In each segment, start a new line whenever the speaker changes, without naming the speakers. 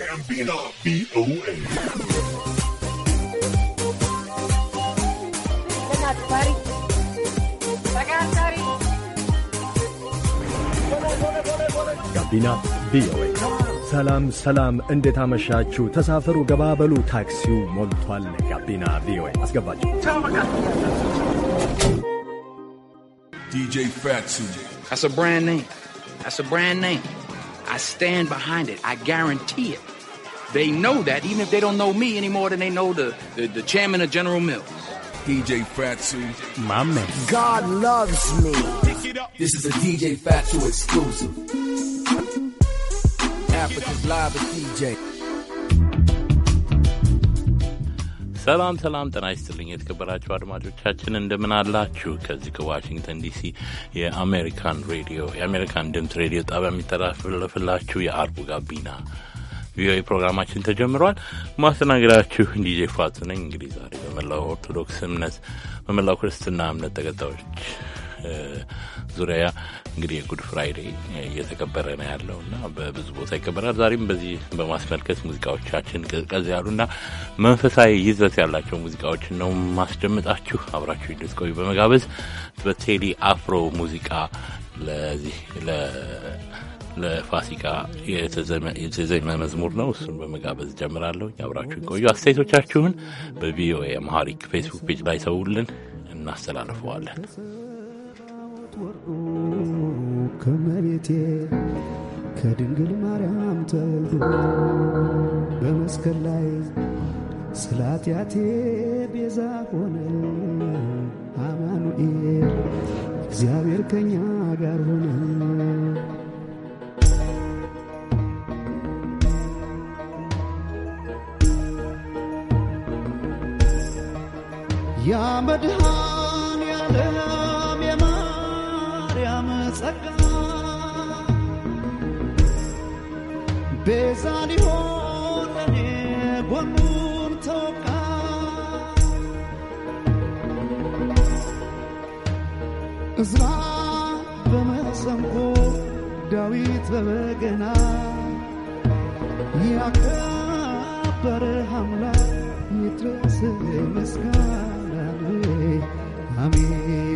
ጋቢና ቪኦኤ
ጋቢና ቪኦኤ። ሰላም ሰላም፣ እንዴት አመሻችሁ? ተሳፈሩ፣ ገባበሉ፣ ታክሲው ሞልቷል። ጋቢና ቪኦኤ አስገባችሁ።
DJ Fatsu. That's a brand name. That's a brand
name. I stand behind it. I guarantee it. They know that, even if they don't know me any more than they know the, the, the chairman of General Mills. DJ Fatsu, my man. God loves me. This is a DJ Fatsu exclusive.
Africa's live with DJ.
ሰላም ሰላም፣ ጤና ይስጥልኝ የተከበራችሁ አድማጮቻችን እንደምን አላችሁ? ከዚህ ከዋሽንግተን ዲሲ የአሜሪካን ሬዲዮ የአሜሪካን ድምፅ ሬዲዮ ጣቢያ የሚተላለፍላችሁ የአርቡ ጋቢና ቪኦኤ ፕሮግራማችን ተጀምሯል። ማስተናገዳችሁ ዲጄ ፋቱ ነኝ። እንግዲህ ዛሬ በመላው ኦርቶዶክስ እምነት በመላው ክርስትና እምነት ተከታዮች ዙሪያ እንግዲህ የጉድ ፍራይዴ እየተከበረ ነው ያለው እና በብዙ ቦታ ይከበራል። ዛሬም በዚህ በማስመልከት ሙዚቃዎቻችን ቀዝቀዝ ያሉና መንፈሳዊ ይዘት ያላቸው ሙዚቃዎችን ነው ማስደምጣችሁ። አብራችሁ ልትቆዩ በመጋበዝ በቴዲ አፍሮ ሙዚቃ ለዚህ ለፋሲካ የተዘመ መዝሙር ነው። እሱን በመጋበዝ ጀምራለሁ። አብራችሁን ቆዩ። አስተያየቶቻችሁን በቪኦኤ አማሪክ ፌስቡክ ፔጅ ላይ ሰውልን እናስተላልፈዋለን።
ከመሬቴ ከድንግል ማርያም ተወልዶ በመስቀል ላይ ስለ ኃጢአቴ ቤዛ ሆነ አማኑኤል እግዚአብሔር ከኛ ጋር ሆነ ያ መድኃኔ ዓለም የማርያም ጸጋ ቤዛ ሊሆን ለኔ ጎኑን ተወጋ እዝራ በመሰንቆ ዳዊት በበገና ያከበረ አምላክ ይድረስ ምስጋና Amén.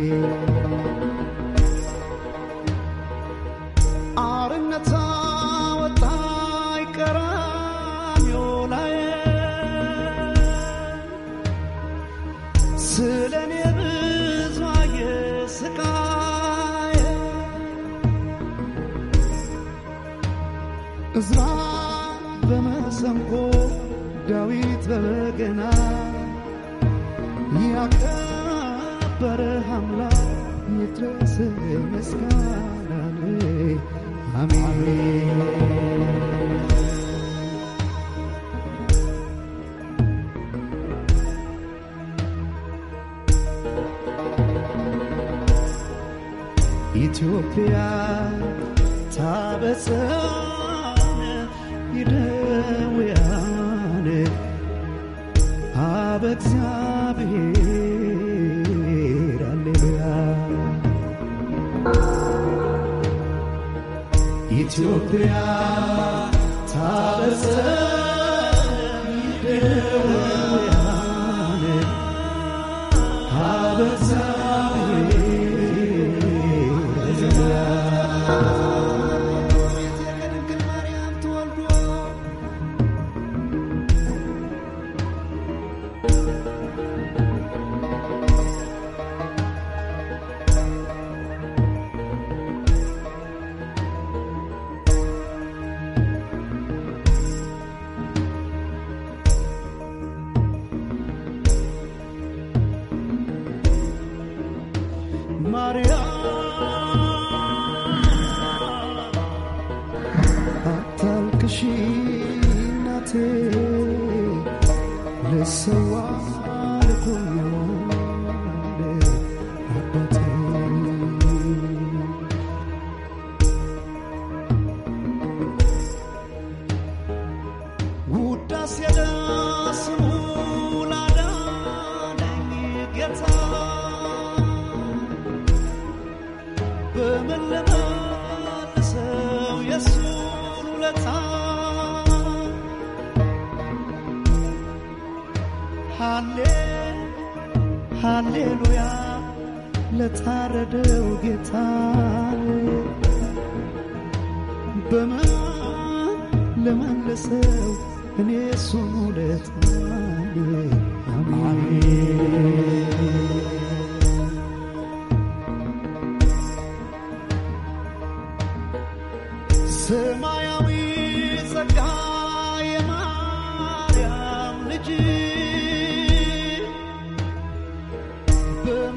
ኢትዮጵያ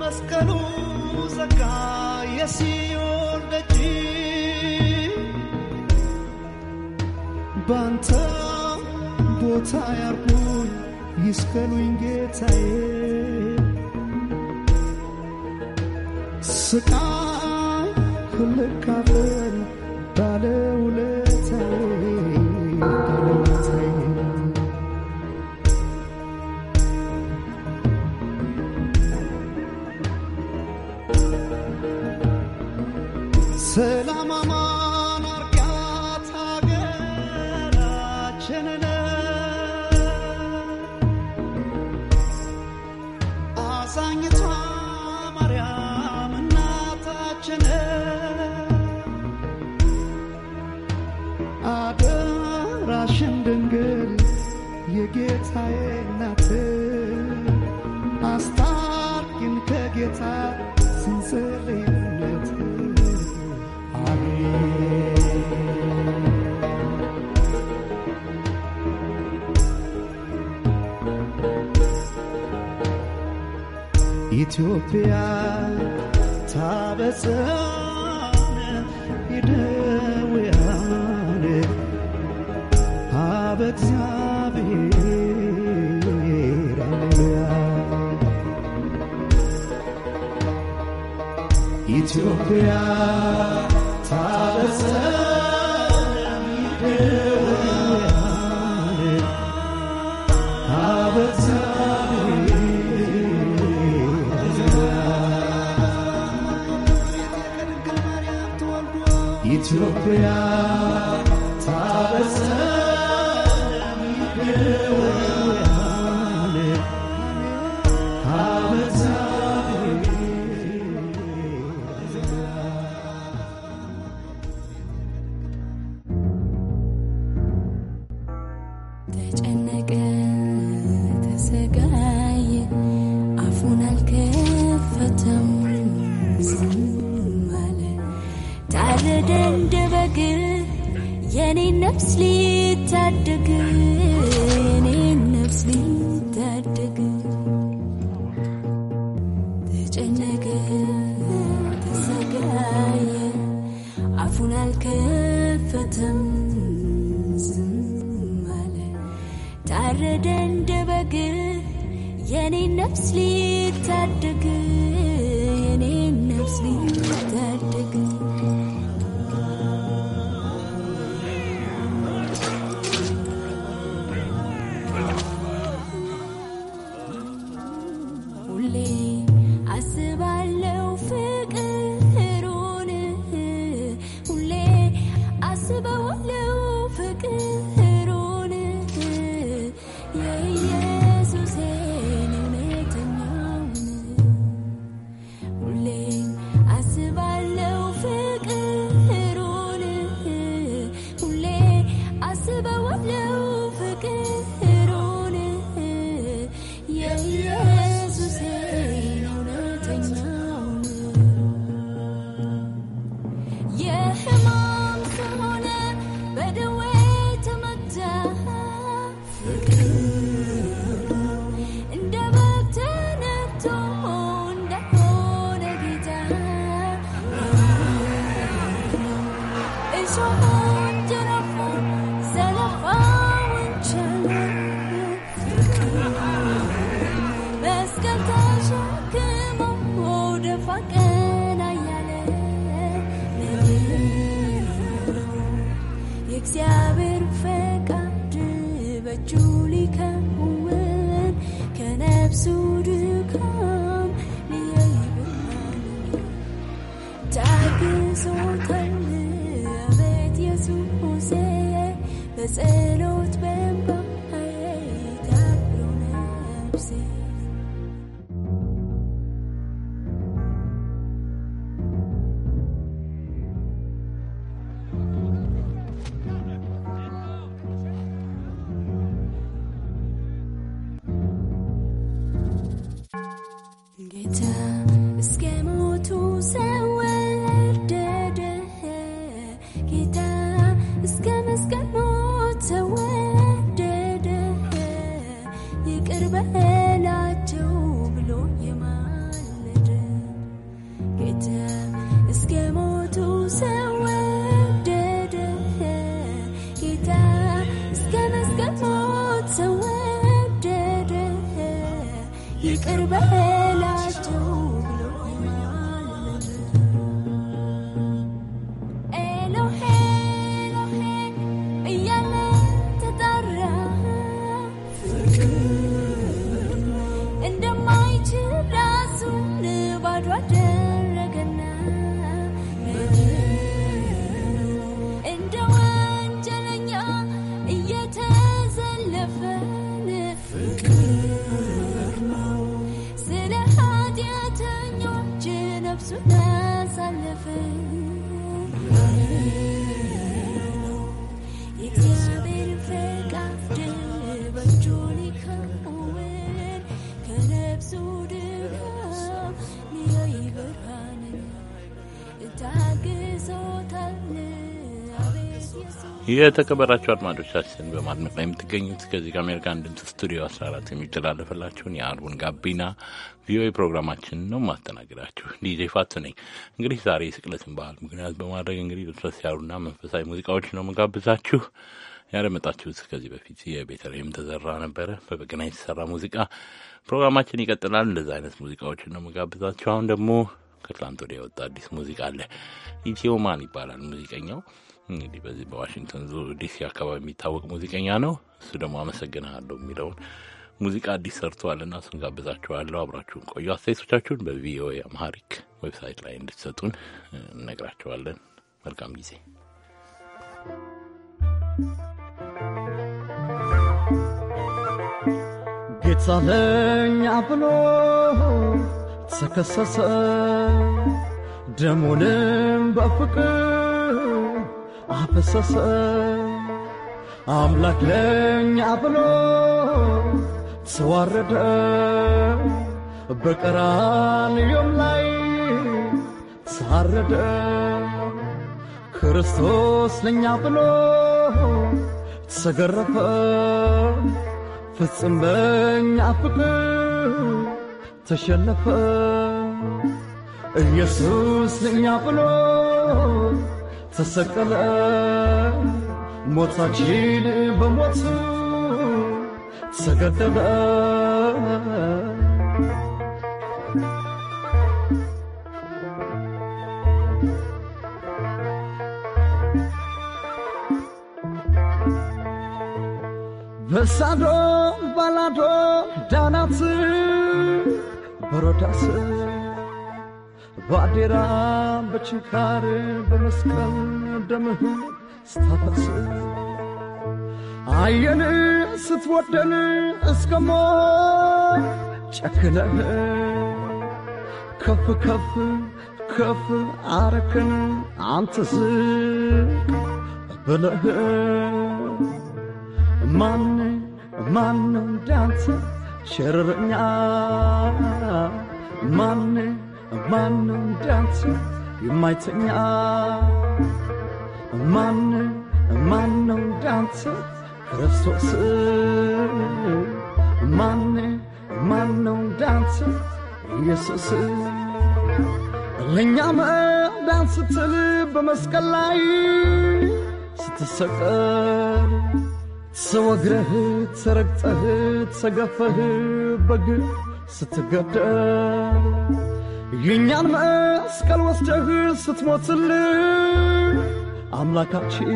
መስቀሉ ዘጋ የሲዮን ደጅ ባንተ ቦታ ያርጉኝ ይስቀሉኝ ጌታዬ ስቃይ ክልካፍን ባለውለ ከጌታዬ እናት አስታርቂን ከጌታ ስንጽርነት ኢትዮጵያ ታበጽሐነ ኢትዮጵያ Yeah.
የተከበራችሁ አድማጮቻችን በማድመቅ ላይ የምትገኙት ከዚህ ከአሜሪካን ድምፅ ስቱዲዮ 14 የሚተላለፈላችሁን የአርቡን ጋቢና ቪኦኤ ፕሮግራማችን ነው። ማስተናገዳችሁ ዲጄ ፋቱ ነኝ። እንግዲህ ዛሬ የስቅለትን በዓል ምክንያት በማድረግ እንግዲህ ለስለስ ያሉና መንፈሳዊ ሙዚቃዎች ነው መጋብዛችሁ። ያደመጣችሁት ከዚህ በፊት የቤተልሔም ተዘራ ነበረ በበገና የተሰራ ሙዚቃ። ፕሮግራማችን ይቀጥላል። እንደዚህ አይነት ሙዚቃዎችን ነው መጋብዛችሁ። አሁን ደግሞ ከትላንት ወዲያ የወጣ አዲስ ሙዚቃ አለ። ኢትዮማን ይባላል ሙዚቀኛው። እንግዲህ በዚህ በዋሽንግተን ዲሲ አካባቢ የሚታወቅ ሙዚቀኛ ነው። እሱ ደግሞ አመሰግናለሁ የሚለውን ሙዚቃ አዲስ ሰርተዋል እና እሱን ጋብዛችኋለሁ። አብራችሁን ቆዩ። አስተያየቶቻችሁን በቪኦኤ አማሪክ ዌብሳይት ላይ እንድትሰጡን እነግራችኋለን። መልካም ጊዜ።
ጌታ ለኛ ብሎ ተከሰሰ ደሙንም በፍቅር አፈሰሰ አምላክ ለኛ ብሎ ተዋረደ በቀራንዮም ላይ ተዋረደ ክርስቶስ ለኛ ብሎ ተገረፈ ፍጽም በእኛ ፍቅር ተሸነፈ ኢየሱስ ለእኛ ብሎ ተሰቀለ ሞታችን በሞቱ ተገደለ በሳዶ ባላዶ ዳናት በሮዳስ ባዴራ በችንካር በመስቀል ደምህ ስታፈስ አየን ስትወደን እስከ ሞት ጨክነን ከፍ ከፍ ከፍ አረክን አንተ ዝቅ ብለህ ማን ማን እንዳንተ ሸረረኛ ማን ማን እንዳንተ የማይተኛ ማን ማን ነው እንዳንተ ክርስቶስ ማን ማን ነው እንዳንተ ኢየሱስ ለእኛ መዳን ስትል በመስቀል ላይ ስትሰቀል ስወግረህ ተረግጠህ ተገፈህ በግ ስትገደል የእኛን መስቀል ወስደህ ስትሞትል አምላካችን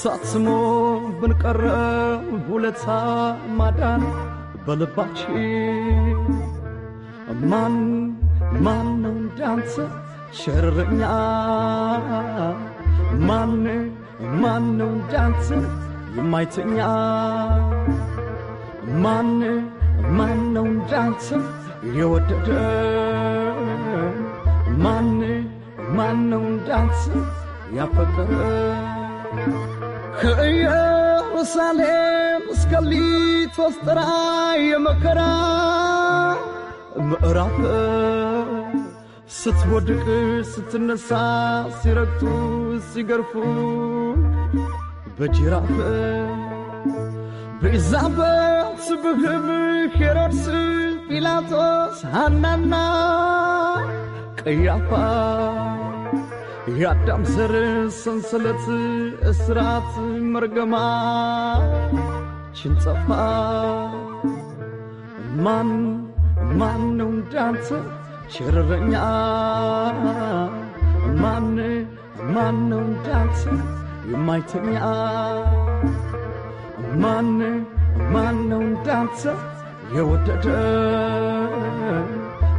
ሳትሞ ብንቀረ ውለታ ማዳን በልባች ማን ማን ነው እንዳንተ ሸረኛ ማን ማን ነው እንዳንተ የማይተኛ ማን ማን ነው እንዳንተ የወደደ ማን ማን ነው እንዳንተ ያፈቀረ ከኢየሩሳሌም እስከ ሊቶስ ጥራ የመከራ ምዕራፍ ስትወድቅ ስትነሳ ሲረግጡ ሲገርፉ በጅራፍ ቤዛበት ብህም ሄሮድስ ጲላጦስ ሃናና ቀያፋ የአዳም ዘር ሰንሰለት እስራት መርገማ ችንጸፋ ማን ማን ነው እንዳንተ ቸረረኛ ማን ማን ነው እንዳንተ You might take me hours, a man, a man known dancer. You what that a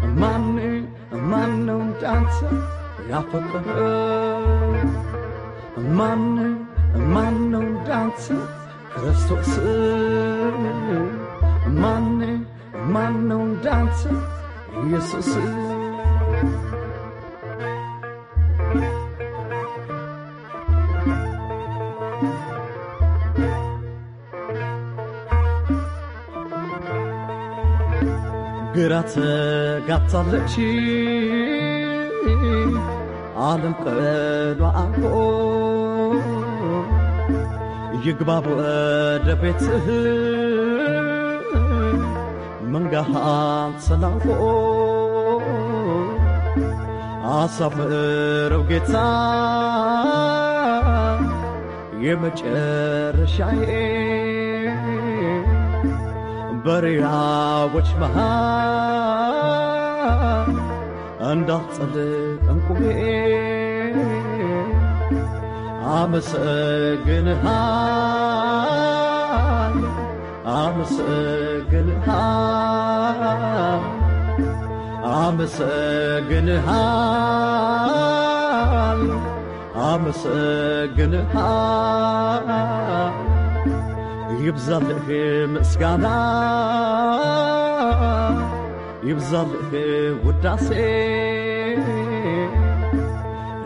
man, a man known dancer. Yeah, for the a man, a man known dancer. Christos, a money, a money on dancer. Yes, sir. ተጋብታለች ዓለም ቀሏ አንቆ ይግባ ወደ ቤትህ መንጋሃን ሰላንቆ አሳፍረው ጌታ የመጨረሻዬ በርያ ወችመሃ እንዳትጸልእ እንቁቤ አመሰግንሃ አመሰግንሃ አመሰግንሃ አመሰግንሃ يبزلخي مسكانا في وداسي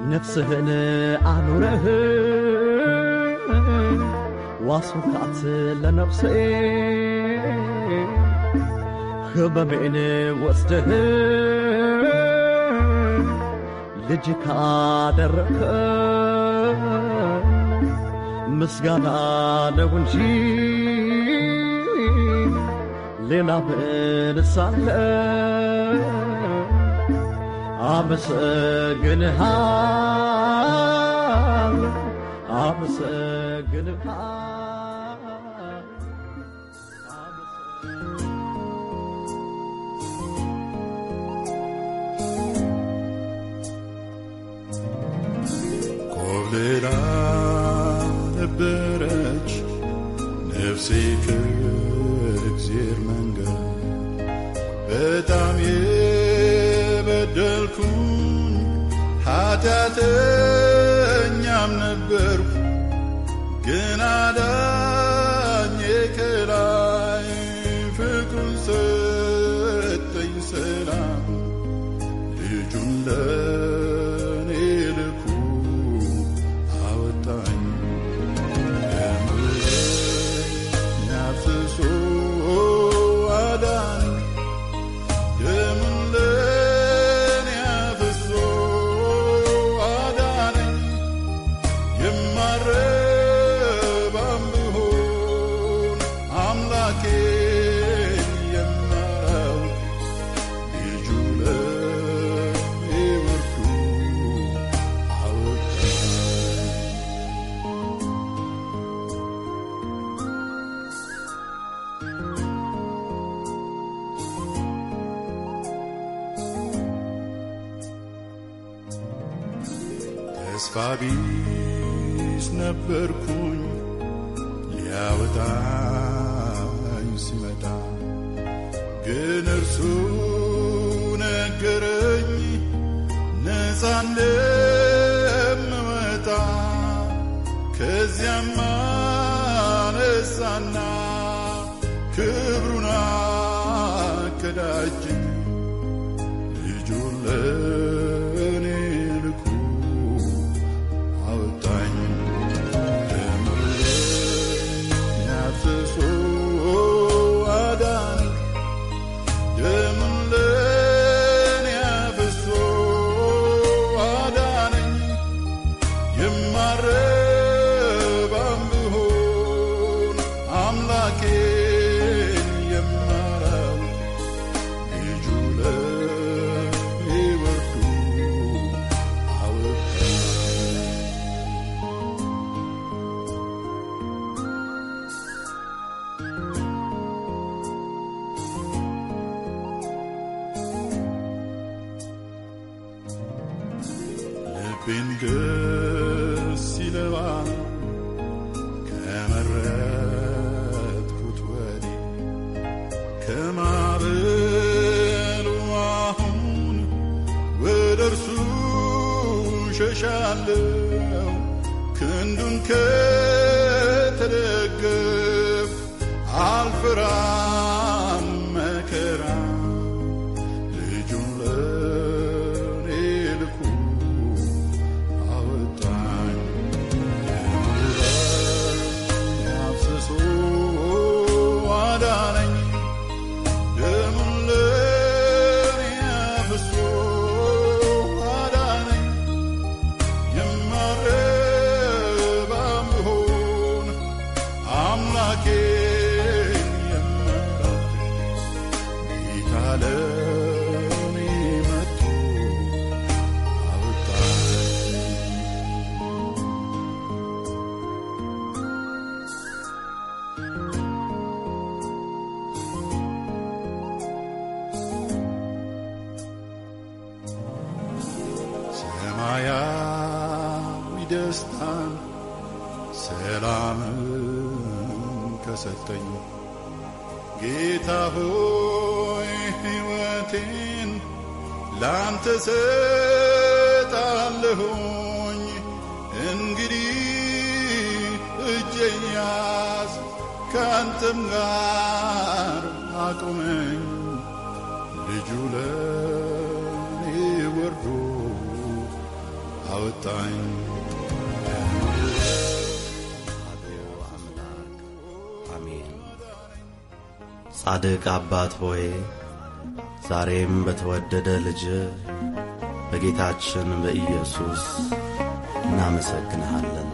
نفسهن عنوره واصفات لنفسي خبمئن وسته لجكا دركه ምስጋና ነው ሌላ ምን ሳለ አመሰግንሃል አመሰግንሃል
ነበረች ነፍሴ ከእግዜር መንገድ በጣም የበደልኩኝ ኃጢአተኛም ነበርኩ ግን አዳኝ ከላይ ፍቅሩን ሰጠኝ ሰላም ልጁን ተስፋ ቢስ ነበርኩኝ ሊያወጣኝ ሲመጣ ግን እርሱ ነገረኝ ነፃነ መወጣ ከዚያማ ነሳና የኛስ ከአንተም ጋር አቁመኝ ልጁ ለኔ ወርዶ አወጣኝ።
ጻድቅ አባት ሆይ ዛሬም በተወደደ ልጅ በጌታችን በኢየሱስ እናመሰግንሃለን።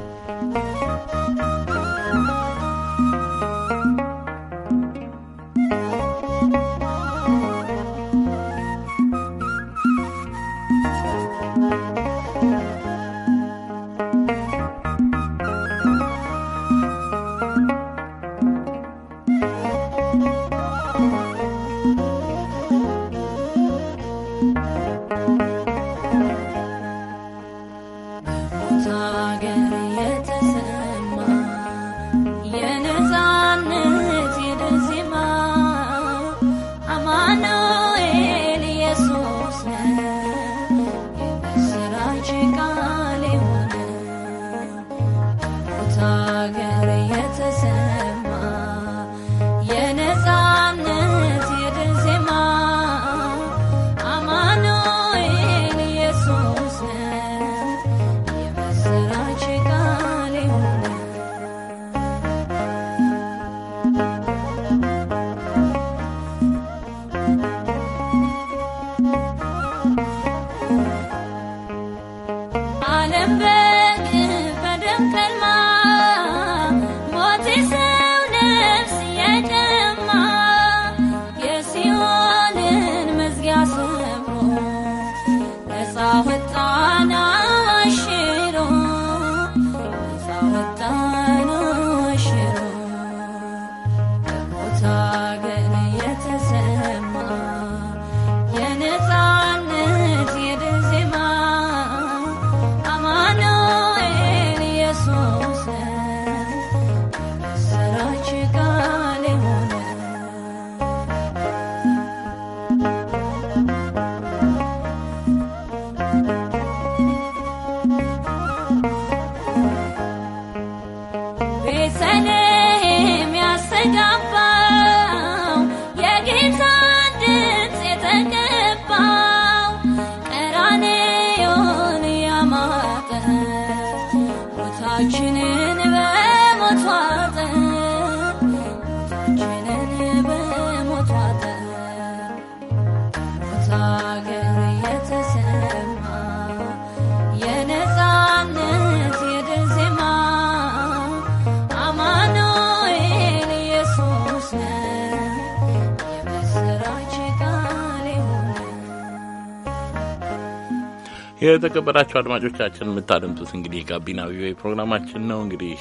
የተከበራችሁ አድማጮቻችን የምታደምጡት እንግዲህ የጋቢና ቪኦኤ ፕሮግራማችን ነው። እንግዲህ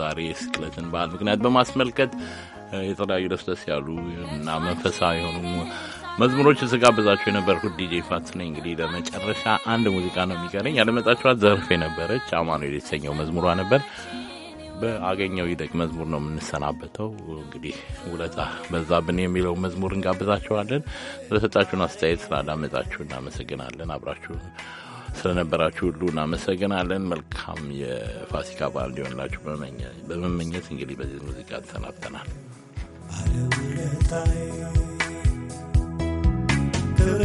ዛሬ ስቅለትን በዓል ምክንያት በማስመልከት የተለያዩ ደስደስ ያሉ እና መንፈሳዊ የሆኑ መዝሙሮች ስጋብዛችሁ የነበርኩት ዲጄ ፋት ነኝ። እንግዲህ ለመጨረሻ አንድ ሙዚቃ ነው የሚቀረኝ። ያለመጣችኋት ዘርፍ የነበረች አማኑኤል የተሰኘው መዝሙሯ ነበር። በአገኘው ይደግ መዝሙር ነው የምንሰናበተው። እንግዲህ ውለታ በዛብን የሚለው መዝሙር እንጋብዛችኋለን። ስለሰጣችሁን አስተያየት ስላዳመጣችሁ እናመሰግናለን። አብራችሁ ስለነበራችሁ ሁሉ እናመሰግናለን። መልካም የፋሲካ በዓል እንዲሆንላችሁ በመመኘት እንግዲህ በዚህ ሙዚቃ ተሰናብተናል።
ባለውለታዬ
ክብሬ